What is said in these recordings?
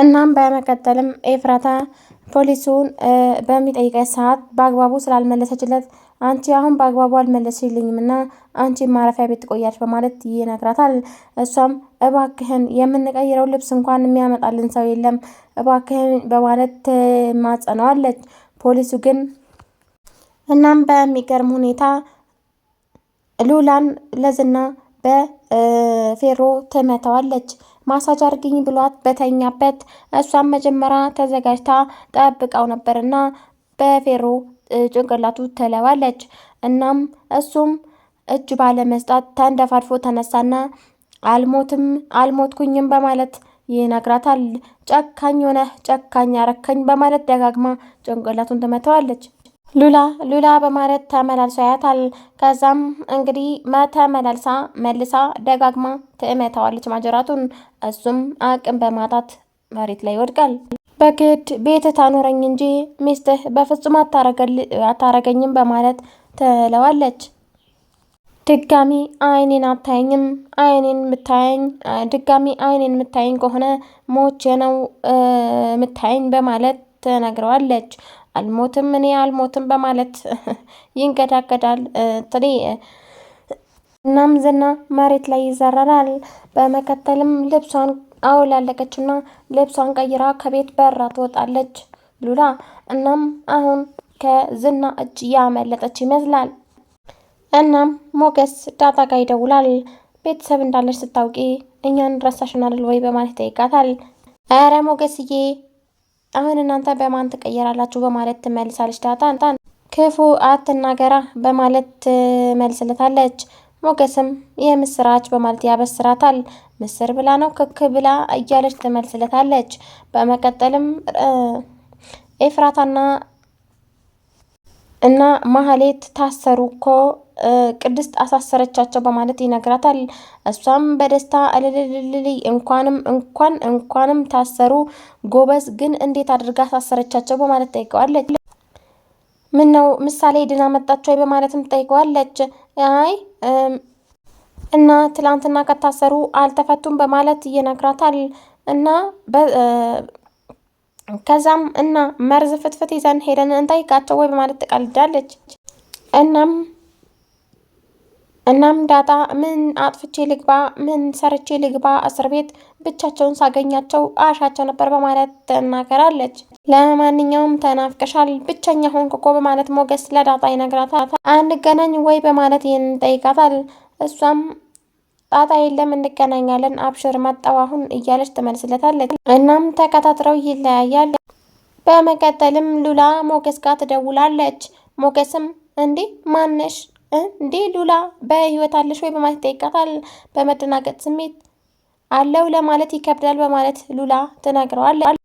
እናም በመቀጠልም ኤፍራታ ፖሊሱን በሚጠይቀች ሰዓት በአግባቡ ስላልመለሰችለት አንቺ አሁን በአግባቡ አልመለስሽልኝም እና አንቺ ማረፊያ ቤት ቆያች በማለት ይነግራታል። እሷም እባክህን የምንቀይረው ልብስ እንኳን የሚያመጣልን ሰው የለም እባክህን በማለት ትማጸነዋለች። ፖሊሱ ግን እናም በሚገርም ሁኔታ ሉላን ለዝና በፌሮ ተመተዋለች። ማሳጅ አርግኝ ብሏት በተኛበት እሷን መጀመሪያ ተዘጋጅታ ጠብቃው ነበርና በፌሮ ጭንቅላቱ ትለዋለች። እናም እሱም እጅ ባለመስጣት ተንደፋድፎ ተነሳና አልሞትም አልሞትኩኝም በማለት ይነግራታል። ጨካኝ ሆነ ጨካኝ አረከኝ በማለት ደጋግማ ጭንቅላቱን ትመተዋለች። ሉላ ሉላ በማለት ተመላልሶ ያያታል። ከዛም እንግዲህ ተመላልሳ መልሳ ደጋግማ ትእመታዋለች ማጀራቱን። እሱም አቅም በማጣት መሬት ላይ ይወድቃል። በግድ ቤት ታኖረኝ እንጂ ሚስትህ በፍጹም አታረገኝም በማለት ትለዋለች። ድጋሚ አይኔን አታየኝም፣ አይኔን ምታየኝ ድጋሚ አይኔን ምታየኝ ከሆነ ሞቼ ነው ምታየኝ በማለት ትነግረዋለች። አልሞትም እኔ አልሞትም በማለት ይንገዳገዳል እናም ዝና መሬት ላይ ይዘረራል። በመከተልም ልብሷን ና ልብሷን ቀይራ ከቤት በራ ትወጣለች ሉላ። እናም አሁን ከዝና እጅ ያመለጠች ይመስላል። እናም ሞገስ ዳጣ ጋ ይደውላል። ቤተሰብ እንዳለች ስታውቂ እኛን ረሳሽናል ወይ በማለት ይጠይቃታል። ኧረ ሞገስዬ አሁን እናንተ በማን ትቀየራላችሁ በማለት ትመልሳለች። ዳጣን ክፉ አትናገራ በማለት ትመልስለታለች። ሞገስም የምስራች በማለት ያበስራታል። ምስር ብላ ነው ክክ ብላ እያለች ትመልስለታለች። በመቀጠልም ኤፍራታና እና ማህሌት ታሰሩ እኮ ቅድስት አሳሰረቻቸው በማለት ይነግራታል። እሷም በደስታ እልልልልል እንኳንም እንኳን እንኳንም ታሰሩ ጎበዝ፣ ግን እንዴት አድርጋ አሳሰረቻቸው በማለት ጠይቀዋለች። ምን ነው ምሳሌ ድና መጣች ወይ በማለትም ጠይቀዋለች። አይ እና ትላንትና ከታሰሩ አልተፈቱም በማለት ይነግራታል። እና ከዛም እና መርዝ ፍትፍት ይዘን ሄደን እንጠይቃቸው ወይ በማለት ትቀልዳለች። እናም እናም ዳጣ ምን አጥፍቼ ልግባ፣ ምን ሰርቼ ልግባ እስር ቤት ብቻቸውን ሳገኛቸው አሻቸው ነበር በማለት ትናገራለች። ለማንኛውም ተናፍቀሻል፣ ብቸኛ ሆንክ እኮ በማለት ሞገስ ለዳጣ ይነግራታል። አንገናኝ ወይ በማለት ይህን ጠይቃታል። እሷም ጣጣ የለም እንገናኛለን፣ አብሽር መጣው አሁን እያለች ትመልስለታለች። እናም ተቀጣጥረው ይለያያል። በመቀጠልም ሉላ ሞገስ ጋር ትደውላለች። ሞገስም እንዴ ማነሽ እንዴ ሉላ በህይወት አለሽ ወይ በማለት ይጠይቃታል። በመደናገጥ ስሜት አለው ለማለት ይከብዳል በማለት ሉላ ትነግረዋለች።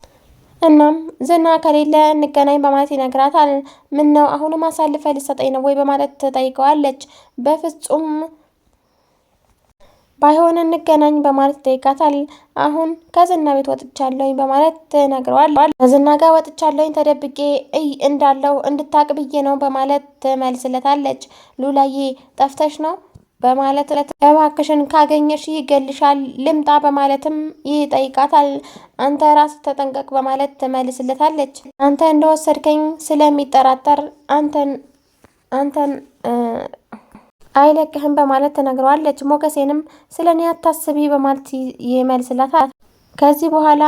እናም ዝና ከሌለ እንገናኝ በማለት ይነግራታል። ምን ነው አሁንም አሳልፈ ልሰጠኝ ነው ወይ በማለት ትጠይቀዋለች። በፍጹም ባይሆን እንገናኝ በማለት ይጠይቃታል። አሁን ከዝና ቤት ወጥቻለሁኝ በማለት ትነግረዋል። ከዝና ጋር ወጥቻለሁኝ ተደብቄ እይ እንዳለው እንድታቅ ብዬ ነው በማለት ትመልስለታለች። ሉላዬ ጠፍተሽ ነው በማለት እባክሽን ካገኘሽ ይገልሻል ልምጣ በማለትም ይጠይቃታል። አንተ ራስ ተጠንቀቅ በማለት ትመልስለታለች። አንተ እንደወሰድከኝ ስለሚጠራጠር አንተን አንተን አይለቅህም በማለት ተናግረዋለች። ሞገሴንም ስለ እኔ አታስቢ በማለት ይመልስላታል። ከዚህ በኋላ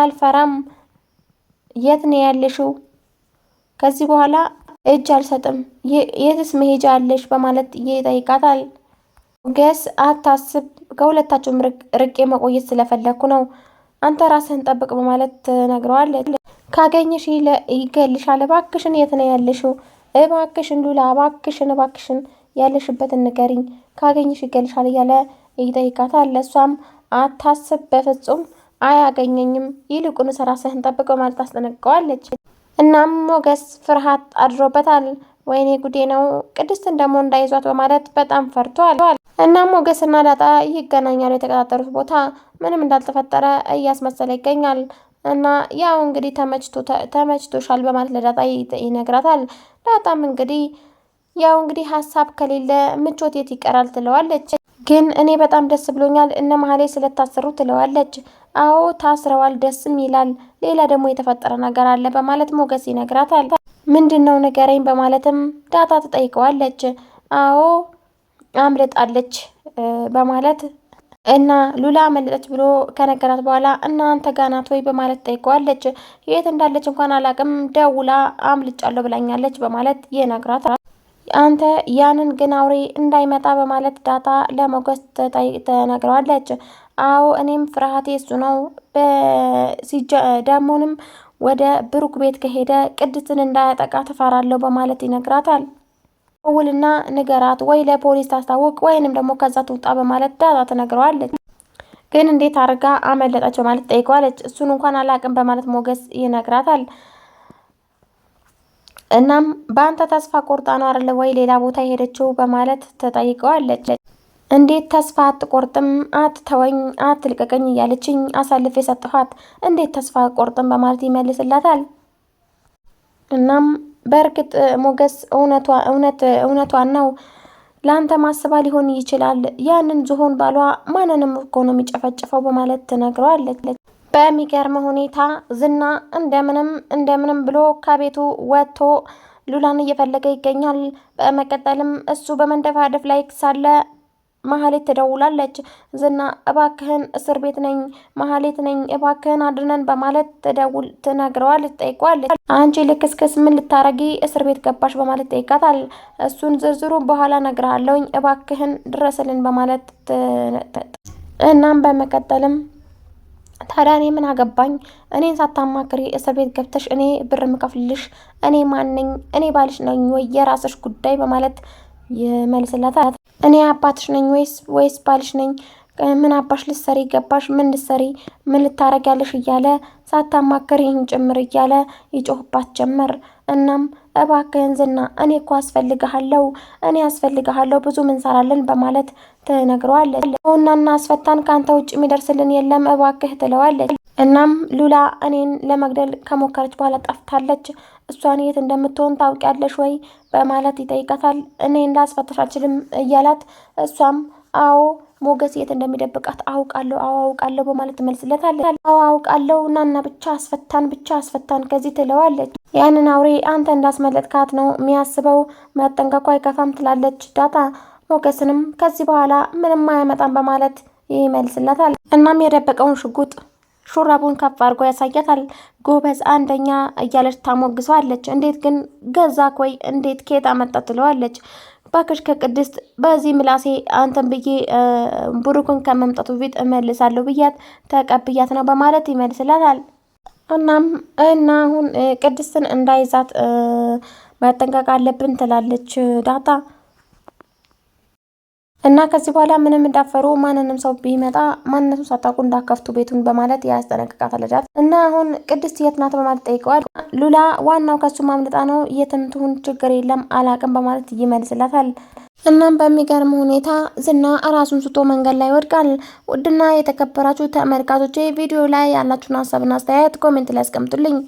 አልፈራም፣ የት ነው ያለሽው? ከዚህ በኋላ እጅ አልሰጥም፣ የትስ መሄጃ አለሽ? በማለት ይጠይቃታል። ሞገስ አታስብ፣ ከሁለታችሁም ርቄ መቆየት ስለፈለግኩ ነው። አንተ ራስህን ጠብቅ በማለት ተነግረዋለች። ካገኘሽ ይገልሻል። እባክሽን፣ የት ነው ያለሽው? እባክሽን ሉላ፣ እባክሽን፣ እባክሽን ያለሽበትን ንገሪኝ፣ ካገኘሽ ይገልሻል እያለ ይጠይቃታል። እሷም አታስብ፣ በፍጹም አያገኘኝም፣ ይልቁን ራስህን ጠብቅ ማለት ታስጠነቅቀዋለች። እናም ሞገስ ፍርሃት አድሮበታል። ወይኔ ጉዴ ነው፣ ቅድስትን ደግሞ እንዳይዟት በማለት በጣም ፈርቷል። እናም ሞገስና ዳጣ ይገናኛሉ። የተቀጣጠሩት ቦታ ምንም እንዳልተፈጠረ እያስመሰለ ይገኛል። እና ያው እንግዲህ ተመችቶሻል በማለት ለዳጣ ይነግራታል። ዳጣም እንግዲህ ያው እንግዲህ ሀሳብ ከሌለ ምቾት የት ይቀራል ትለዋለች። ግን እኔ በጣም ደስ ብሎኛል እነ መሀሌ ስለታሰሩ ትለዋለች። አዎ ታስረዋል፣ ደስም ይላል። ሌላ ደግሞ የተፈጠረ ነገር አለ በማለት ሞገስ ይነግራታል። ምንድን ነው ንገረኝ በማለትም ዳታ ትጠይቀዋለች። አዎ አምልጣለች በማለት እና ሉላ አመለጠች ብሎ ከነገራት በኋላ እናንተ ጋር ናት ወይ በማለት ጠይቀዋለች። የት እንዳለች እንኳን አላቅም፣ ደውላ አምልጫለሁ ብላኛለች በማለት ይነግራታል። አንተ ያንን ግን አውሬ እንዳይመጣ በማለት ዳታ ለሞገስ ተነግረዋለች። አዎ እኔም ፍርሃቴ እሱ ነው። ደሞንም ወደ ብሩክ ቤት ከሄደ ቅድስትን እንዳያጠቃ ትፈራለሁ በማለት ይነግራታል። ውልና ንገራት ወይ ለፖሊስ ታስታውቅ ወይንም ደግሞ ከዛ ትውጣ በማለት ዳታ ትነግረዋለች። ግን እንዴት አድርጋ አመለጠች በማለት ጠይቀዋለች። እሱን እንኳን አላቅም በማለት ሞገስ ይነግራታል። እናም በአንተ ተስፋ ቆርጣ ነው አይደለ ወይ ሌላ ቦታ የሄደችው በማለት ተጠይቀዋለች። እንዴት ተስፋ አትቆርጥም? አትተወኝ፣ አትልቀቀኝ እያለችኝ አሳልፍ የሰጠኋት እንዴት ተስፋ ቆርጥም በማለት ይመልስላታል። እናም በእርግጥ ሞገስ እውነቷን ነው ለአንተ ማስባ ሊሆን ይችላል። ያንን ዝሆን ባሏ ማንንም እኮ ነው የሚጨፈጭፈው በማለት ትነግረዋለች። በሚገርም ሁኔታ ዝና እንደምንም እንደምንም ብሎ ከቤቱ ወጥቶ ሉላን እየፈለገ ይገኛል። በመቀጠልም እሱ በመንደፋደፍ ላይ ሳለ መሀሌት ትደውላለች። ዝና እባክህን እስር ቤት ነኝ፣ መሀሌት ነኝ፣ እባክህን አድነን በማለት ትደውል ትነግረዋል ትጠይቀዋለች። አንቺ ልክስክስ ምን ልታረጊ እስር ቤት ገባሽ በማለት ጠይቃታል። እሱን ዝርዝሩ በኋላ እነግርሃለሁኝ፣ እባክህን ድረስልን በማለት እናም በመቀጠልም ታዲያ እኔ ምን አገባኝ? እኔን ሳታማክሪ እስር ቤት ገብተሽ እኔ ብር ምከፍልሽ እኔ ማነኝ? እኔ ባልሽ ነኝ ወይ የራስሽ ጉዳይ በማለት ይመልስላታል። እኔ አባትሽ ነኝ ወይስ ወይስ ባልሽ ነኝ? ምን አባሽ ልትሰሪ ገባሽ? ምን ልትሰሪ ምን ልታረጊያለሽ? እያለ ሳታማክሪ ይህን ጭምር እያለ ይጮህባት ጀመር። እናም እባክህን ዝና እኔ እኮ አስፈልግሃለሁ እኔ አስፈልግሃለሁ ብዙ እንሰራለን በማለት ትነግረዋለች። ሆናና አስፈታን ከአንተ ውጭ የሚደርስልን የለም እባክህ ትለዋለች። እናም ሉላ እኔን ለመግደል ከሞከረች በኋላ ጠፍታለች። እሷን የት እንደምትሆን ታውቂያለሽ ወይ በማለት ይጠይቃታል። እኔ እንዳስፈታሽ አልችልም እያላት እሷም አዎ ሞገስ የት እንደሚደብቃት አውቃለሁ፣ አዎ አውቃለሁ በማለት ትመልስለታለች። አዎ አውቃለሁ፣ ናና ብቻ አስፈታን፣ ብቻ አስፈታን ከዚህ ትለዋለች። ያንን አውሬ አንተ እንዳስመለጥካት ነው የሚያስበው። መጠንቀቁ አይከፋም ትላለች ዳታ። ሞገስንም ከዚህ በኋላ ምንም አያመጣም በማለት ይመልስለታል። እናም የደበቀውን ሽጉጥ ሹራቡን ከፍ አድርጎ ያሳያታል። ጎበዝ አንደኛ እያለች ታሞግሰዋለች። እንዴት ግን ገዛ ኮይ እንዴት ኬት አመጣ ትለዋለች። ባክሽ ከቅድስት በዚህ ምላሴ አንተን ብዬ ብሩክን ከመምጣቱ ፊት እመልሳለሁ ብያት ተቀብያት ነው በማለት ይመልስላታል። እናም እና አሁን ቅድስትን እንዳይዛት መጠንቀቅ አለብን ትላለች ዳታ እና ከዚህ በኋላ ምንም እንዳፈሩ ማንንም ሰው ቢመጣ ማንነቱ ሳታውቁ እንዳከፍቱ ቤቱን በማለት ያስጠነቅቃታል ዳጣ። እና አሁን ቅድስት የት ናት በማለት ጠይቀዋል። ሉላ ዋናው ከሱ ማምለጣ ነው፣ የትም ትሁን ችግር የለም አላቅም በማለት ይመልስላታል። እናም በሚገርም ሁኔታ ዝና ራሱን ስቶ መንገድ ላይ ይወድቃል። ውድና የተከበራችሁ ተመልካቾቼ ቪዲዮ ላይ ያላችሁን ሀሳብና አስተያየት ኮሜንት ላይ አስቀምጡልኝ።